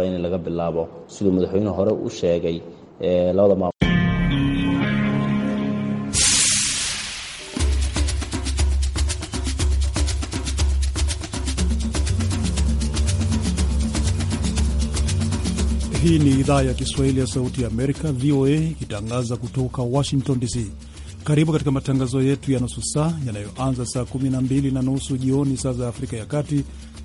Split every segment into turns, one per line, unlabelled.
in laga bilaabo siduu madaxweyne hore u sheegay ee, labada maamul
Hii ni idhaa ya Kiswahili ya Sauti ya Amerika, VOA, ikitangaza kutoka Washington DC. Karibu katika matangazo yetu ya nusu saa yanayoanza saa 12 na nusu jioni saa za Afrika ya Kati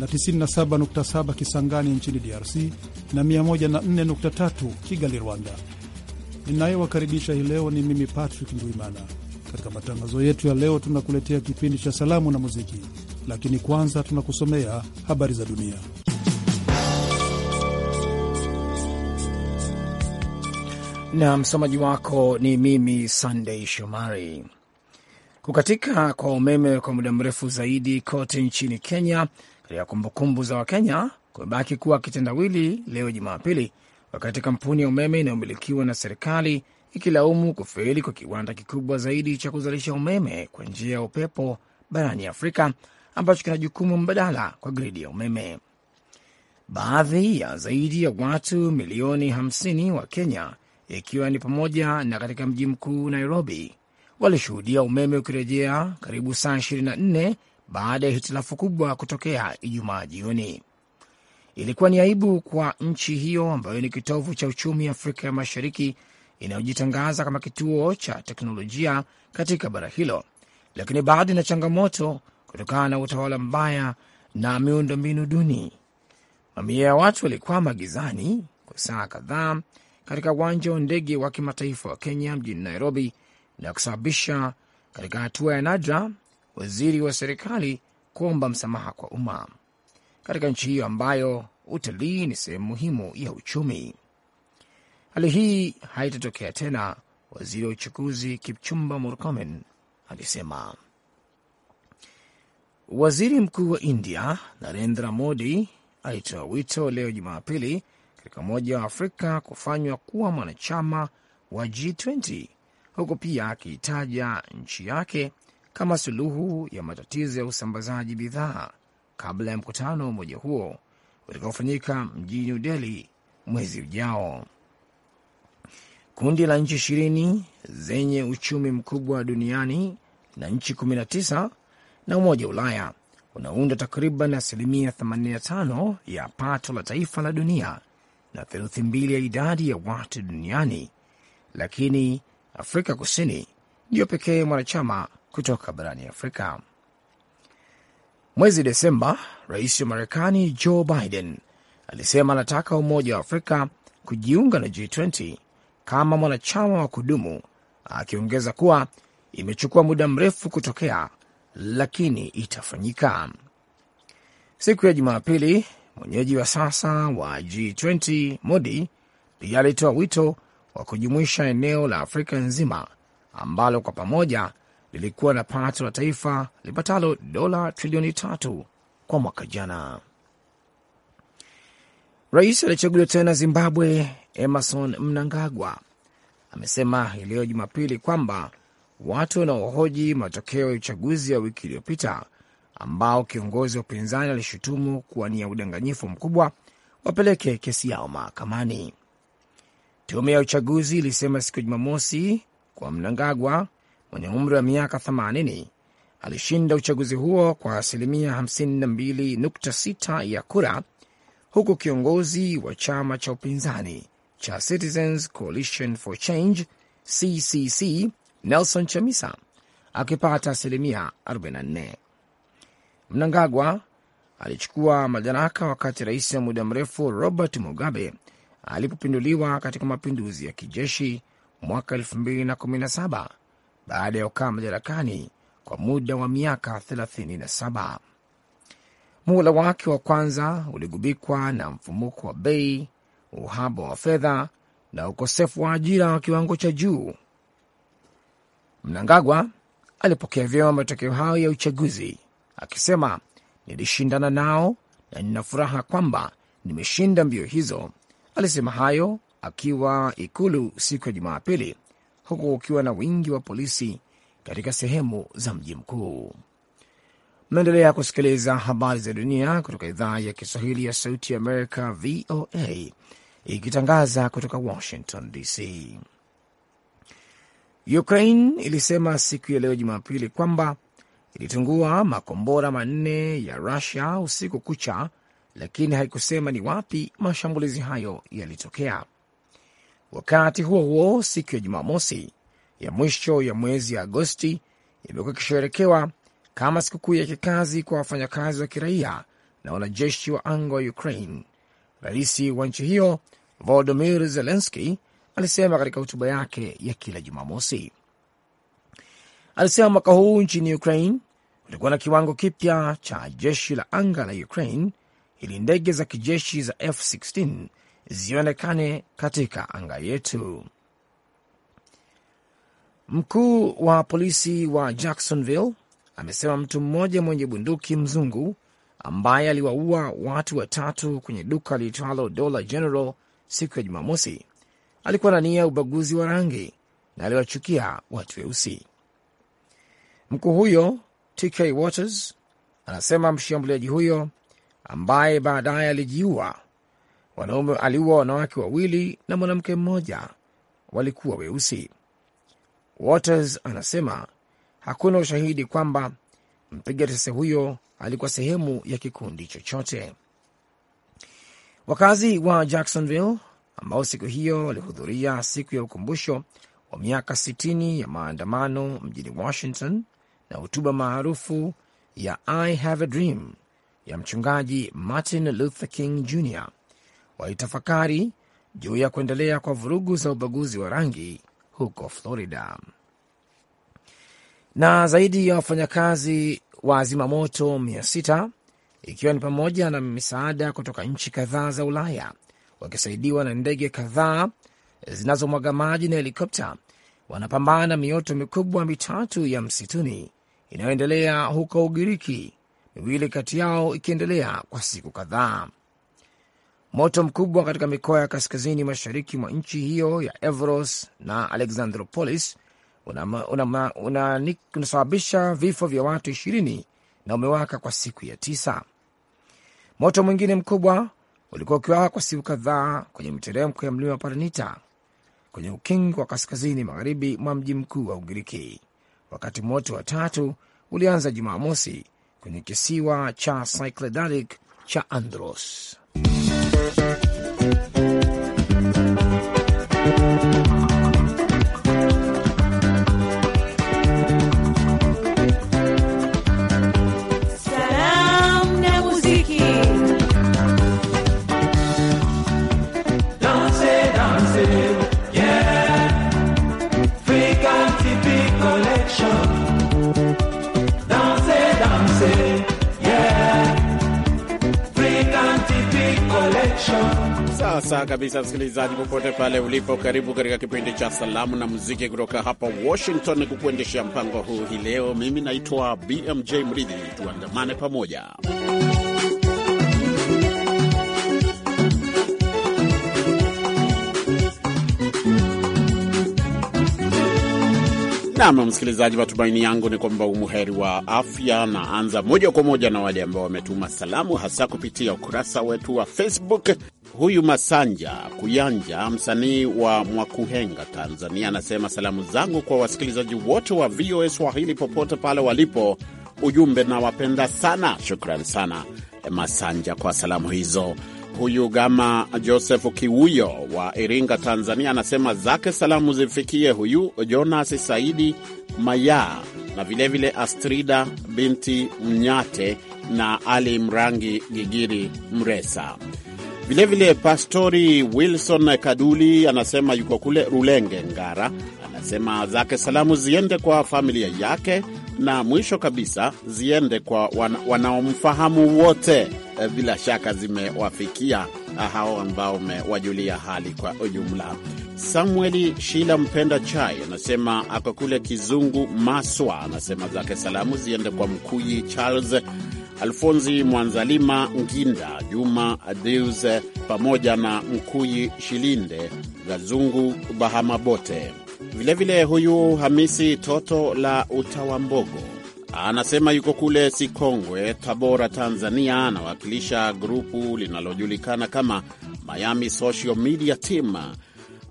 na 97.7 Kisangani nchini DRC na 104.3 Kigali, Rwanda. Ninayewakaribisha hii leo ni mimi Patrick Ndwimana. Katika matangazo yetu ya leo, tunakuletea kipindi cha salamu na muziki, lakini kwanza tunakusomea habari za dunia. na msomaji wako
ni mimi Sunday Shomari. Kukatika kwa umeme kwa muda mrefu zaidi kote nchini Kenya katika kumbukumbu za Wakenya kumebaki kuwa kitendawili leo Jumapili, wakati kampuni ya umeme inayomilikiwa na serikali ikilaumu kufeli kwa kiwanda kikubwa zaidi cha kuzalisha umeme kwa njia ya upepo barani Afrika ambacho kina jukumu mbadala kwa gridi ya umeme. Baadhi ya zaidi ya watu milioni 50 wa Kenya, ikiwa ni pamoja na katika mji mkuu Nairobi, walishuhudia umeme ukirejea karibu saa baada ya hitilafu kubwa kutokea Ijumaa jioni. Ilikuwa ni aibu kwa nchi hiyo ambayo ni kitovu cha uchumi Afrika ya Mashariki inayojitangaza kama kituo cha teknolojia katika bara hilo, lakini bado ina changamoto kutokana na utawala mbaya na miundo mbinu duni. Mamia ya watu walikwama gizani kwa saa kadhaa katika uwanja wa ndege wa kimataifa wa Kenya mjini Nairobi na kusababisha katika hatua ya nadra waziri wa serikali kuomba msamaha kwa umma katika nchi hiyo ambayo utalii ni sehemu muhimu ya uchumi. Hali hii haitatokea tena, waziri wa uchukuzi Kipchumba Murkomen alisema. Waziri mkuu wa India Narendra Modi alitoa wito leo Jumapili katika Umoja wa Afrika kufanywa kuwa mwanachama wa G20 huku pia akiitaja nchi yake kama suluhu ya matatizo ya usambazaji bidhaa kabla ya mkutano wa umoja huo utakaofanyika mjini New Delhi mwezi ujao. Kundi la nchi ishirini zenye uchumi mkubwa duniani na nchi 19 na Umoja wa Ulaya unaunda takriban asilimia 85 ya pato la taifa la dunia na theluthi mbili ya idadi ya watu duniani, lakini Afrika Kusini ndiyo pekee mwanachama kutoka barani Afrika. Mwezi Desemba, rais wa Marekani Joe Biden alisema anataka Umoja wa Afrika kujiunga na G20 kama mwanachama wa kudumu, akiongeza kuwa imechukua muda mrefu kutokea, lakini itafanyika. Siku ya Jumapili, mwenyeji wa sasa wa G20 Modi pia alitoa wito wa kujumuisha eneo la Afrika nzima ambalo kwa pamoja lilikuwa na pato la taifa lipatalo dola trilioni tatu kwa mwaka. jana Rais aliyechaguliwa tena Zimbabwe Emerson Mnangagwa amesema hii leo Jumapili kwamba watu wanaohoji matokeo ya uchaguzi wa wiki iliyopita ambao kiongozi wa upinzani alishutumu kuwa ni ya udanganyifu mkubwa wapeleke kesi yao mahakamani. Tume ya uchaguzi ilisema siku ya Jumamosi kwa Mnangagwa mwenye umri wa miaka 80 alishinda uchaguzi huo kwa asilimia 52.6 ya kura, huku kiongozi wa chama cha upinzani cha Citizens Coalition for Change CCC Nelson Chamisa akipata asilimia 44. Mnangagwa alichukua madaraka wakati rais wa muda mrefu Robert Mugabe alipopinduliwa katika mapinduzi ya kijeshi mwaka 2017 baada ya kukaa madarakani kwa muda wa miaka 37. Muhula wake wa kwanza uligubikwa na mfumuko wa bei, uhaba wa fedha na ukosefu wa ajira wa kiwango cha juu. Mnangagwa alipokea vyema matokeo hayo ya uchaguzi akisema, nilishindana nao na nina furaha kwamba nimeshinda mbio hizo. Alisema hayo akiwa Ikulu siku ya Jumapili huku ukiwa na wingi wa polisi katika sehemu za mji mkuu. Mnaendelea kusikiliza habari za dunia kutoka idhaa ya Kiswahili ya Sauti ya Amerika, VOA, ikitangaza kutoka Washington DC. Ukraine ilisema siku ya leo Jumapili kwamba ilitungua makombora manne ya Rusia usiku kucha, lakini haikusema ni wapi mashambulizi hayo yalitokea. Wakati huo huo, siku ya Jumamosi ya mwisho ya mwezi Agosti imekuwa ikisherekewa kama sikukuu ya kikazi kwa wafanyakazi wa kiraia na wanajeshi wa anga wa Ukraine. Rais wa nchi hiyo Volodymyr Zelensky alisema katika hotuba yake ya kila Jumamosi. Alisema mwaka huu nchini Ukraine kulikuwa na kiwango kipya cha jeshi la anga la Ukraine ili ndege za kijeshi za F16 zionekane katika anga yetu. Mkuu wa polisi wa Jacksonville amesema mtu mmoja mwenye bunduki mzungu ambaye aliwaua watu watatu kwenye duka liitwalo Dollar General siku ya Jumamosi alikuwa na nia ubaguzi wa rangi na aliwachukia watu weusi. Mkuu huyo TK Waters anasema mshambuliaji huyo ambaye baadaye alijiua Wanaume aliua wanawake wawili na mwanamke mmoja, walikuwa weusi. Waters anasema hakuna ushahidi kwamba mpiga risasi huyo alikuwa sehemu ya kikundi chochote. Wakazi wa Jacksonville ambao siku hiyo walihudhuria siku ya ukumbusho wa miaka 60 ya maandamano mjini Washington na hotuba maarufu ya I Have a Dream ya mchungaji Martin Luther King Jr walitafakari juu ya kuendelea kwa vurugu za ubaguzi wa rangi huko Florida. Na zaidi ya wafanyakazi wa zimamoto mia sita ikiwa ni pamoja na misaada kutoka nchi kadhaa za Ulaya wakisaidiwa na ndege kadhaa zinazomwaga maji na helikopta wanapambana na mioto mikubwa mitatu ya msituni inayoendelea huko Ugiriki, miwili kati yao ikiendelea kwa siku kadhaa. Moto mkubwa katika mikoa ya kaskazini mashariki mwa nchi hiyo ya Evros na Alexandropolis unasababisha una, una, una vifo vya watu ishirini na umewaka kwa siku ya tisa. Moto mwingine mkubwa ulikuwa ukiwaka kwa siku kadhaa kwenye mteremko ya mlima parnita Paranita kwenye ukingo wa kaskazini magharibi mwa mji mkuu wa Ugiriki, wakati moto wa tatu ulianza Jumamosi kwenye kisiwa cha Cycladalic cha Andros. Thank you.
sawa kabisa, msikilizaji popote pale ulipo, karibu katika kipindi cha salamu na muziki kutoka hapa Washington. Kukuendeshea mpango huu hii leo, mimi naitwa BMJ Mridhi. Tuandamane pamoja. Nam msikilizaji, matumaini yangu ni kwamba umuheri wa afya. Naanza moja kwa moja na wale ambao wametuma salamu, hasa kupitia ukurasa wetu wa Facebook. Huyu Masanja Kuyanja, msanii wa Mwakuhenga, Tanzania, anasema salamu zangu kwa wasikilizaji wote wa VOA Swahili popote pale walipo. Ujumbe nawapenda sana. Shukran sana Masanja kwa salamu hizo. Huyu Gama Josefu Kiwuyo wa Iringa, Tanzania, anasema zake salamu zifikie huyu Jonas Saidi Mayaa na vilevile vile Astrida binti Mnyate na Ali Mrangi Gigiri Mresa. Vilevile vile Pastori Wilson Kaduli anasema yuko kule Rulenge, Ngara. Anasema zake salamu ziende kwa familia yake na mwisho kabisa ziende kwa wana, wanaomfahamu wote. Eh, bila shaka zimewafikia ah, hao ambao umewajulia hali kwa ujumla. Samueli Shila Mpenda Chai anasema ako kule Kizungu Maswa, anasema zake salamu ziende kwa Mkuyi Charles alfonzi Mwanzalima Nginda, Juma Adius pamoja na Mkuyi Shilinde Gazungu Bahamabote. Vilevile huyu Hamisi Toto la Utawambogo anasema yuko kule Sikongwe, Tabora, Tanzania. Anawakilisha grupu linalojulikana kama Miami Social Media Team.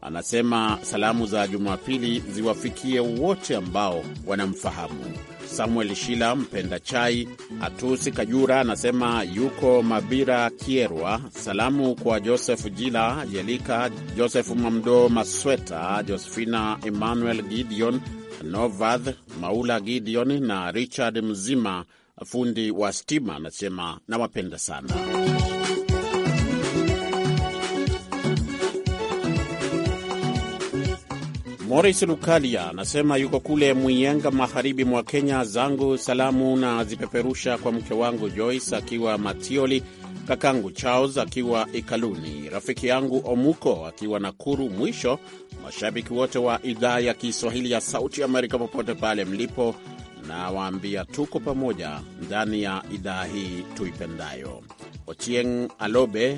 Anasema salamu za Jumapili ziwafikie wote ambao wanamfahamu. Samuel Shila mpenda chai, Atusi Kajura anasema yuko Mabira Kierwa. Salamu kwa josefu Jila Jelika, josefu Mamdo Masweta, Josefina Emmanuel Gideon Novath Maula Gideon na Richard Mzima, fundi wa stima, anasema nawapenda sana. moris Lukalia anasema yuko kule mwiyenga magharibi mwa Kenya. Zangu salamu na zipeperusha kwa mke wangu Joyce akiwa Matioli, kakangu Charles akiwa Ikaluni, rafiki yangu Omuko akiwa Nakuru. Mwisho, mashabiki wote wa idhaa ya Kiswahili ya Sauti Amerika popote pale mlipo, nawaambia tuko pamoja ndani ya idhaa hii tuipendayo. Otieng Alobe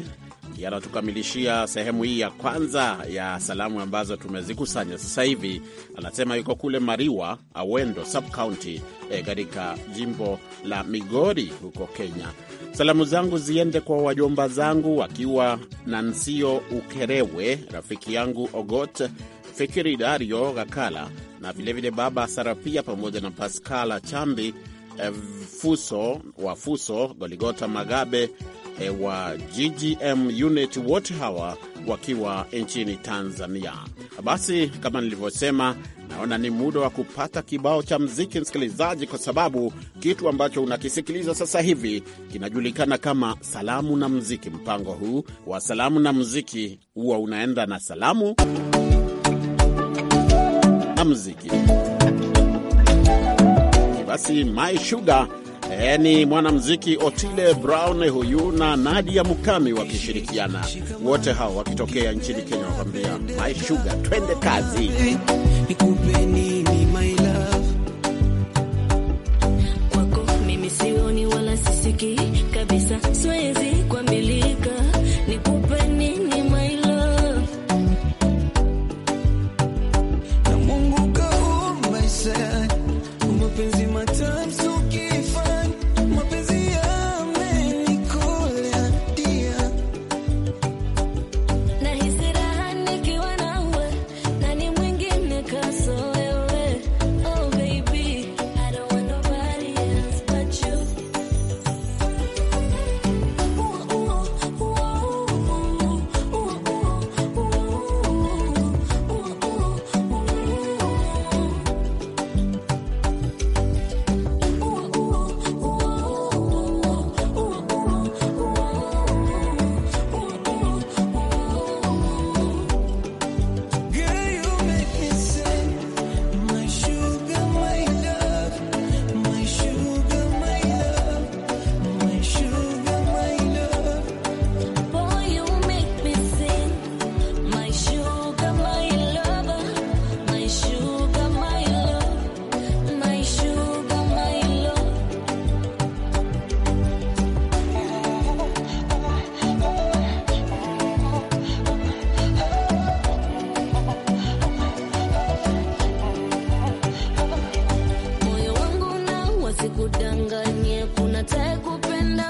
yanatukamilishia sehemu hii ya kwanza ya salamu ambazo tumezikusanya sasa hivi. Anasema yuko kule Mariwa Awendo subcounty eh, katika eh, jimbo la Migori huko Kenya. Salamu zangu ziende kwa wajomba zangu na Nansio Ukerewe, rafiki yangu Ogot Fikiri, Dario Gakala na vilevile baba Sarapia pamoja na Paskala Chambi eh, Fuso wa Fuso, Goligota Magabe Eh, wa GGM unit wote hawa wakiwa nchini Tanzania. Basi kama nilivyosema, naona ni muda wa kupata kibao cha mziki, msikilizaji, kwa sababu kitu ambacho unakisikiliza sasa hivi kinajulikana kama salamu na mziki. Mpango huu wa salamu na mziki huwa unaenda na salamu na mziki. Basi My Sugar E, ni yaani, mwanamuziki Otile Brown huyu na Nadia Mukami wakishirikiana, wote hao wakitokea nchini Kenya, wakwambia my sugar, twende kazi
nidanganye, kuna tae kupenda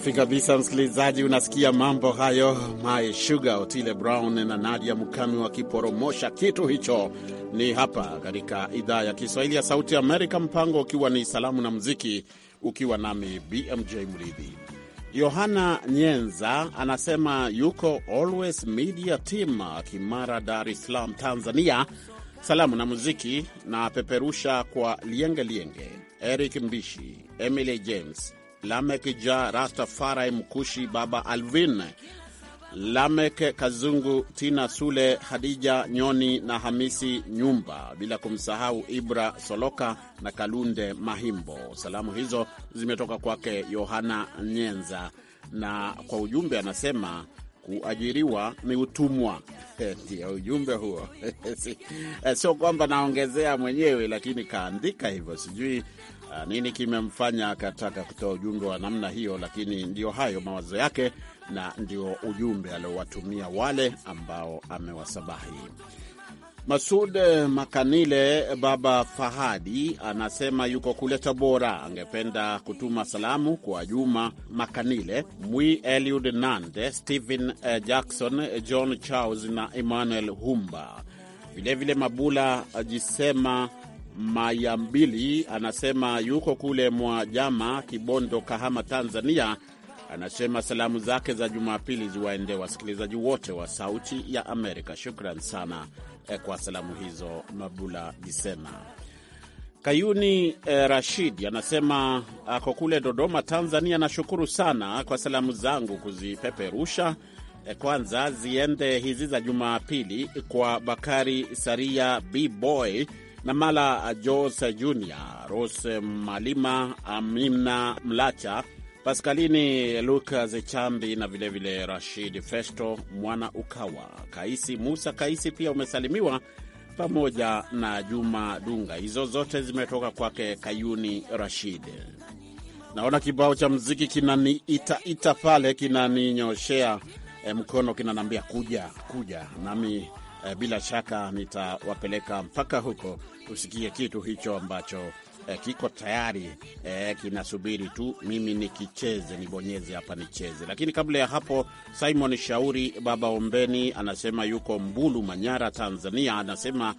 Safi kabisa, msikilizaji, unasikia mambo hayo. My Sugar, Otile Brown na Nadia Mukami wakiporomosha kitu hicho. Ni hapa katika idhaa ya Kiswahili ya Sauti Amerika, mpango ukiwa ni salamu na muziki, ukiwa nami BMJ Mridhi. Yohana Nyenza anasema yuko Always Media Team, Kimara, Dar es Salaam, Tanzania. Salamu na muziki na peperusha kwa Lienge Lienge, Eric Mbishi, Emily James Lamek Ja Rastafari Mkushi, Baba Alvin Lamek Kazungu, Tina Sule, Hadija Nyoni na Hamisi Nyumba, bila kumsahau Ibra Soloka na Kalunde Mahimbo. Salamu hizo zimetoka kwake Yohana Nyenza, na kwa ujumbe anasema kuajiriwa ni utumwa. Ndio ujumbe huo. Eh, sio kwamba naongezea mwenyewe, lakini kaandika hivyo, sijui Ah, nini kimemfanya akataka kutoa ujumbe wa namna hiyo? Lakini ndio hayo mawazo yake na ndio ujumbe aliowatumia wale ambao amewasabahi. Masud Makanile Baba Fahadi anasema yuko kule Tabora, angependa kutuma salamu kwa Juma Makanile, Mwi Eliud Nande, Stephen eh, Jackson, John Charles na Emmanuel Humba, vilevile Mabula Jisema Mayambili anasema yuko kule mwa Jama, Kibondo, Kahama, Tanzania. Anasema salamu zake za Jumapili ziwaende wasikilizaji wote wa Sauti ya Amerika. Shukran sana eh, kwa salamu hizo, Mabula gisena Kayuni eh, Rashid anasema ako kule Dodoma, Tanzania. Nashukuru sana kwa salamu zangu kuzipeperusha. Eh, kwanza ziende hizi za Jumapili kwa Bakari Saria B Boy Namala Jose Junior, Rose Malima, Amina Mlacha, Paskalini Lukas Chambi na vilevile vile Rashid Festo Mwana Ukawa, Kaisi Musa Kaisi pia umesalimiwa pamoja na Juma Dunga. Hizo zote zimetoka kwake Kayuni Rashid. Naona kibao cha mziki kinaniitaita pale, kinaninyoshea eh, mkono, kinanaambia kuja kuja, nami eh, bila shaka nitawapeleka mpaka huko tusikie kitu hicho ambacho eh, kiko tayari eh, kinasubiri tu mimi nikicheze, nibonyeze hapa nicheze. Lakini kabla ya hapo, Simon Shauri baba Ombeni anasema yuko Mbulu, Manyara, Tanzania, anasema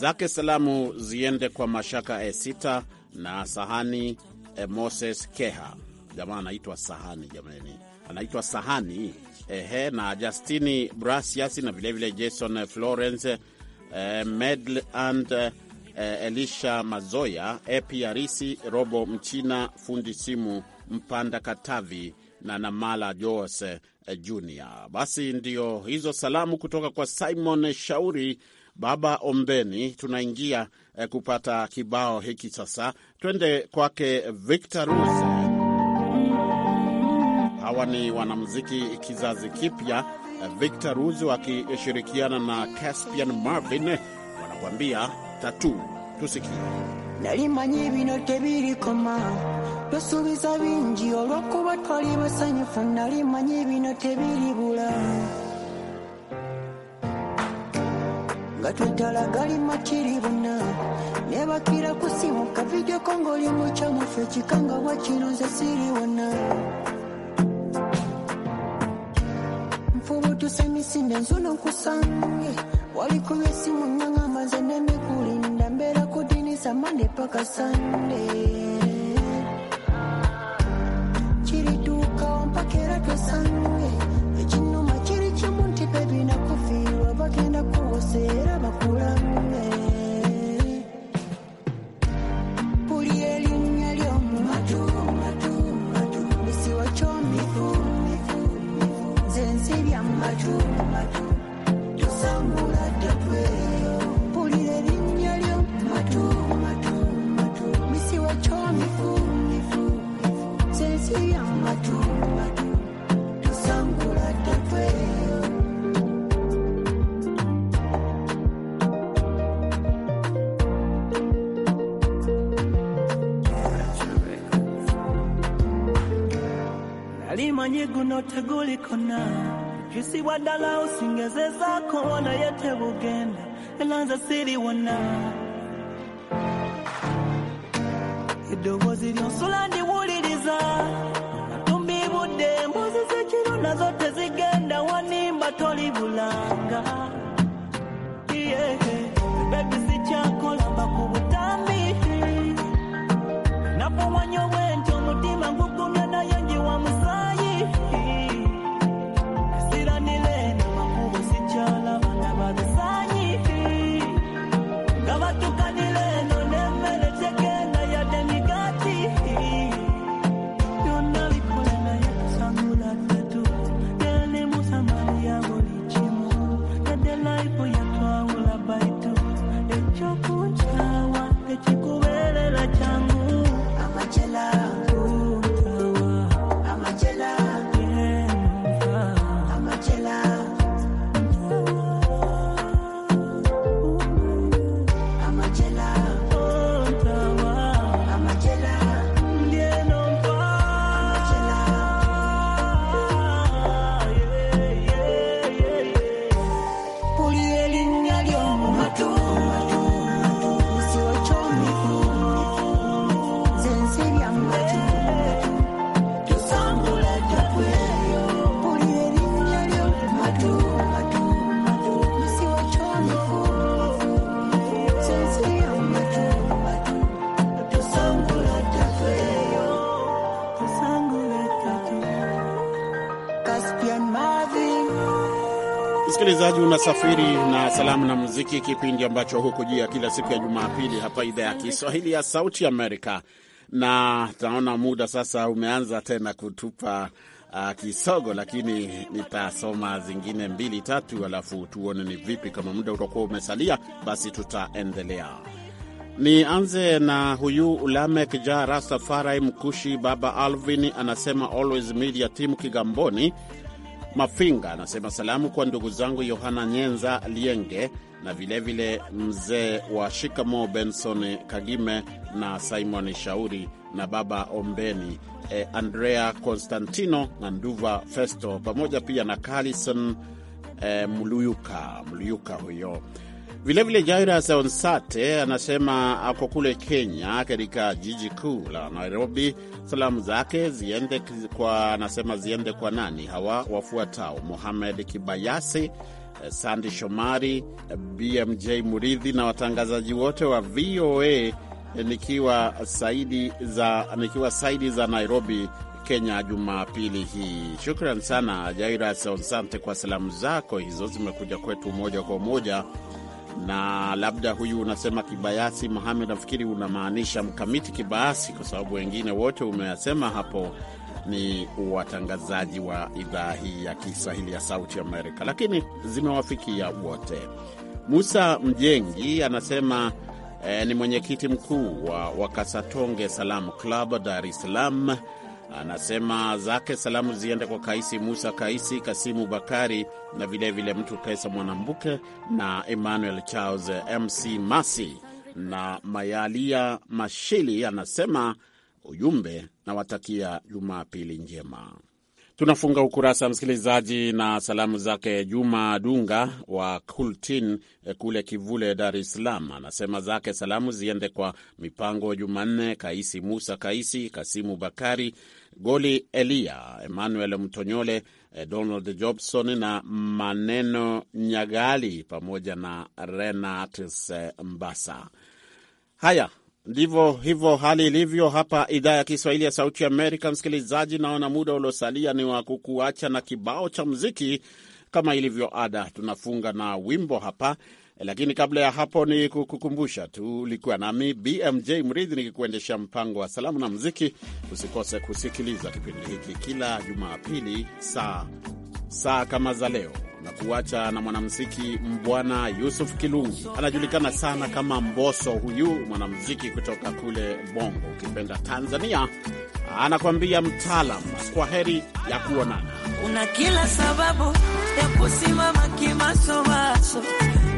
zake salamu ziende kwa Mashaka Esita na Sahani eh, Moses Keha. Jamaa anaitwa Sahani, jamani, anaitwa Sahani ehe, na Justini Brasias na vilevile vile Jason Florence eh, Medland eh, Elisha Mazoya, Epi Arisi, Robo Mchina, fundi simu Mpanda Katavi na Namala Jose eh, Junior. Basi ndio hizo salamu kutoka kwa Simon Shauri, Baba Ombeni. Tunaingia eh, kupata kibao hiki sasa, twende kwake Victor Ruse. Hawa ni wanamuziki kizazi kipya, Victor Ruzu akishirikiana na Caspian Marvin wanakuambia tatu. Tusikie
nalimanyi bino tebirikoma lusubiza bingi olwokuba twali basanyufu nalimanyi bino tebiribula nga twetala gali buna nebakira kusimuka vidio kongoli mu kyamufe ekikanga wakino nze wona mfubutuse nzuno nkusange walikubya esimu nyangamba nze nneme kulinda mbeera ku dinisa mande paka sande kiriduukawo mpaka era tosange Jusi wadala usingeze zako wana yete bugenda elanza siri wana eddoboozi lyonsula ndiwuliriza tumbiibudde emboozi z'ekiro zote zigenda wanimba tolibulanga yeah.
Usafiri na Salamu na Muziki, kipindi ambacho hukujia kila siku ya Jumapili hapa idhaa ya Kiswahili ya Sauti Amerika. Na tunaona muda sasa umeanza tena kutupa uh, kisogo, lakini nitasoma zingine mbili tatu, alafu tuone ni vipi. Kama muda utakuwa umesalia, basi tutaendelea. Nianze na huyu Ulamek Ja Rastafari Mkushi, Baba Alvin anasema always media team Kigamboni Mafinga anasema salamu kwa ndugu zangu Yohana Nyenza Lienge na vilevile mzee wa shikamo Benson Kagime na Simon Shauri na baba Ombeni eh, Andrea Constantino na Nduva Festo pamoja pia na Carlison eh, Mluyuka Mluyuka huyo Vilevile Jairas Onsate anasema ako kule Kenya, katika jiji kuu la Nairobi. Salamu zake ziende kwa, anasema ziende kwa nani? Hawa wafuatao: muhamed Kibayasi, eh, Sandi Shomari, eh, BMJ Muridhi na watangazaji wote wa VOA, eh, nikiwa saidi za, nikiwa saidi za Nairobi, Kenya, Jumapili hii. Shukran sana Jairas Onsante kwa salamu zako hizo, zimekuja kwetu moja kwa moja na labda huyu unasema Kibayasi Mohamed, nafikiri unamaanisha Mkamiti Kibayasi, kwa sababu wengine wote umewasema hapo ni watangazaji wa idhaa hii ya Kiswahili ya Sauti Amerika, lakini zimewafikia wote. Musa Mjengi anasema eh, ni mwenyekiti mkuu wa Wakasatonge Salamu Club Dar es Salaam Anasema zake salamu ziende kwa Kaisi Musa Kaisi, Kasimu Bakari na vilevile vile mtu Pesa Mwanambuke na Emmanuel Charles Mc Masi na Mayalia Mashili. Anasema ujumbe, nawatakia Jumapili njema. Tunafunga ukurasa msikilizaji na salamu zake Juma Dunga wa Kultin eh, kule Kivule, Dar es Salaam. Anasema zake salamu ziende kwa Mipango Jumanne, Kaisi Musa Kaisi, Kasimu Bakari Goli, Elia Emmanuel Mtonyole, eh, Donald Jobson na Maneno Nyagali pamoja na Renatus eh, Mbasa. Haya, Ndivyo hivyo hali ilivyo hapa idhaa ya Kiswahili ya Sauti Amerika. Msikilizaji, naona muda uliosalia ni wa kukuacha na kibao cha mziki. Kama ilivyo ada, tunafunga na wimbo hapa, lakini kabla ya hapo ni kukukumbusha tu ulikuwa nami BMJ Mridhi nikikuendesha mpango wa salamu na mziki. Usikose kusikiliza kipindi hiki kila Jumapili saa saa kama za leo na kuacha na mwanamziki Mbwana Yusuf Kilungi, anajulikana sana kama mboso Huyu mwanamziki kutoka kule Bongo, ukipenda Tanzania, anakwambia mtaalam. Kwa heri ya kuonana.
Una kila sababu ya kusimama kimasomaso.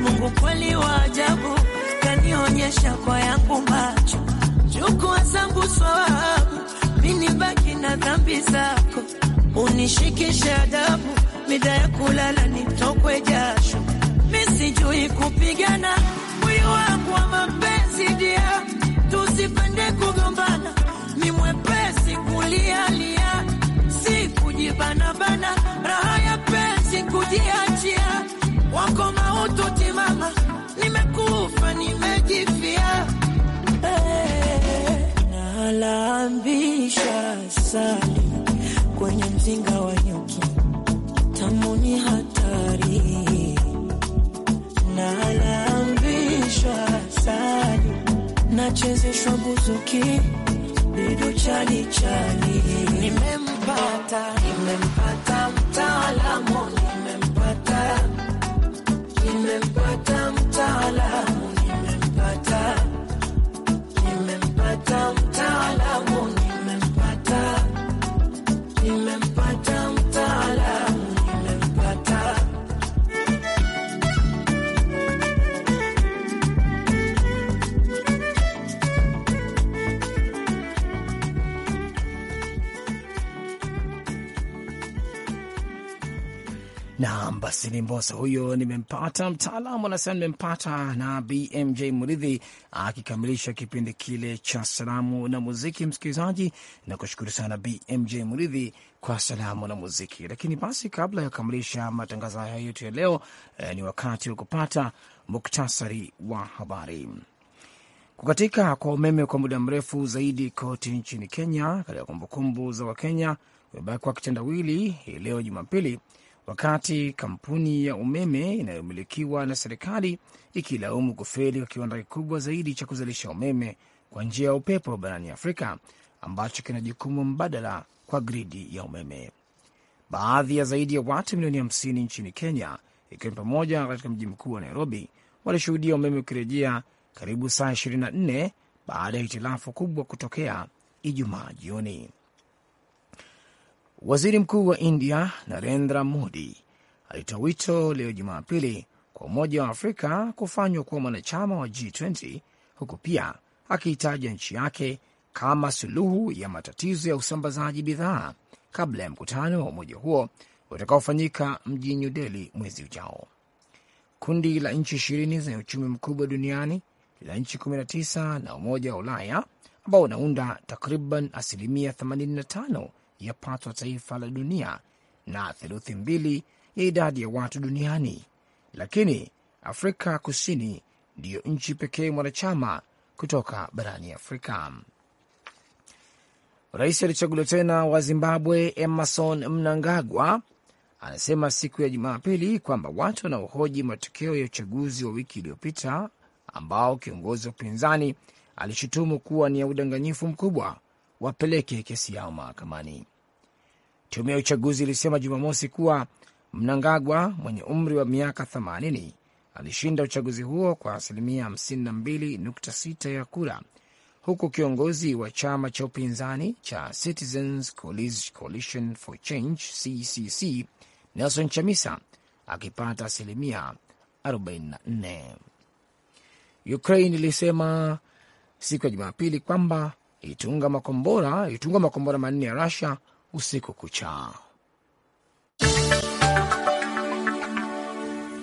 Mungu kweli wa ajabu, kanionyesha kwa yangu macho, chukua zangu swawabu, mini baki na dhambi zako unishikishe adabu, mida ya kulala nitokwe jasho, misijui kupigana, mwili wangu wa mapenzi dia, tusipende kugombana, mi mwepesi kulialia, si kujibanabana, raha ya penzi kujiachia, wako mautu timama, nimekufa nimejifia, hey. Eh, nalambisha sali kwenye mzinga wa nyuki. Tamu ni hatari nalambishwa alambishwa nachezeshwa buzuki bidu chali chali. Nimempata, nimempata mtaalamu
Mridhi Mbosa huyo nimempata, mtaalamu anasema nimempata, na BMJ Mridhi akikamilisha kipindi kile cha salamu na muziki. Msikilizaji, na kushukuru sana BMJ Mridhi kwa salamu na muziki. Lakini basi kabla ya kukamilisha matangazo haya yetu ya leo eh, ni wakati wa kupata muktasari wa habari. Kukatika kwa umeme kwa muda mrefu zaidi kote nchini Kenya katika kumbukumbu za Wakenya wamebaki kwa kitendawili hii leo Jumapili wakati kampuni ya umeme inayomilikiwa na serikali ikilaumu kufeli kwa kiwanda kikubwa zaidi cha kuzalisha umeme kwa njia ya upepo barani Afrika ambacho kina jukumu mbadala kwa gridi ya umeme. Baadhi ya zaidi ya watu milioni 50 nchini Kenya, ikiwa ni pamoja katika mji mkuu wa Nairobi, walishuhudia umeme ukirejea karibu saa 24 baada ya hitilafu kubwa kutokea Ijumaa jioni. Waziri Mkuu wa India Narendra Modi alitoa wito leo Jumapili kwa Umoja wa Afrika kufanywa kuwa mwanachama wa G20 huku pia akiitaja nchi yake kama suluhu ya matatizo ya usambazaji bidhaa kabla ya mkutano wa umoja huo utakaofanyika mjini New Delhi mwezi ujao. Kundi la nchi ishirini zenye uchumi mkubwa duniani la nchi 19 na Umoja wa Ulaya ambao unaunda takriban asilimia 85 ya pato taifa la dunia na theluthi mbili ya idadi ya watu duniani, lakini Afrika Kusini ndiyo nchi pekee mwanachama kutoka barani Afrika. Rais alichaguliwa tena wa Zimbabwe Emerson Mnangagwa anasema siku ya Jumapili kwamba watu wanaohoji matokeo ya uchaguzi wa wiki iliyopita ambao kiongozi wa upinzani alishutumu kuwa ni ya udanganyifu mkubwa wapeleke kesi yao mahakamani. Tume ya uchaguzi ilisema Jumamosi kuwa Mnangagwa mwenye umri wa miaka 80 alishinda uchaguzi huo kwa asilimia 52.6 ya kura, huku kiongozi wa chama cha upinzani cha Citizens Coalition for Change CCC Nelson Chamisa akipata asilimia 44. Ukraine ilisema siku ya Jumapili kwamba ilitunga makombora ilitunga makombora manne ya Rusia usiku kucha.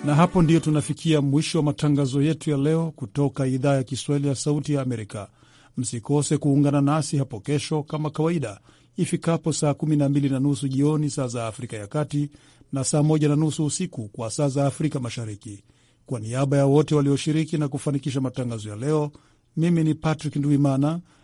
Na hapo ndiyo tunafikia mwisho wa matangazo yetu ya leo kutoka idhaa ya Kiswahili ya Sauti ya Amerika. Msikose kuungana nasi hapo kesho kama kawaida ifikapo saa 12 na nusu jioni saa za Afrika ya Kati na saa 1 na nusu usiku kwa saa za Afrika Mashariki. Kwa niaba ya wote walioshiriki na kufanikisha matangazo ya leo, mimi ni Patrick Ndwimana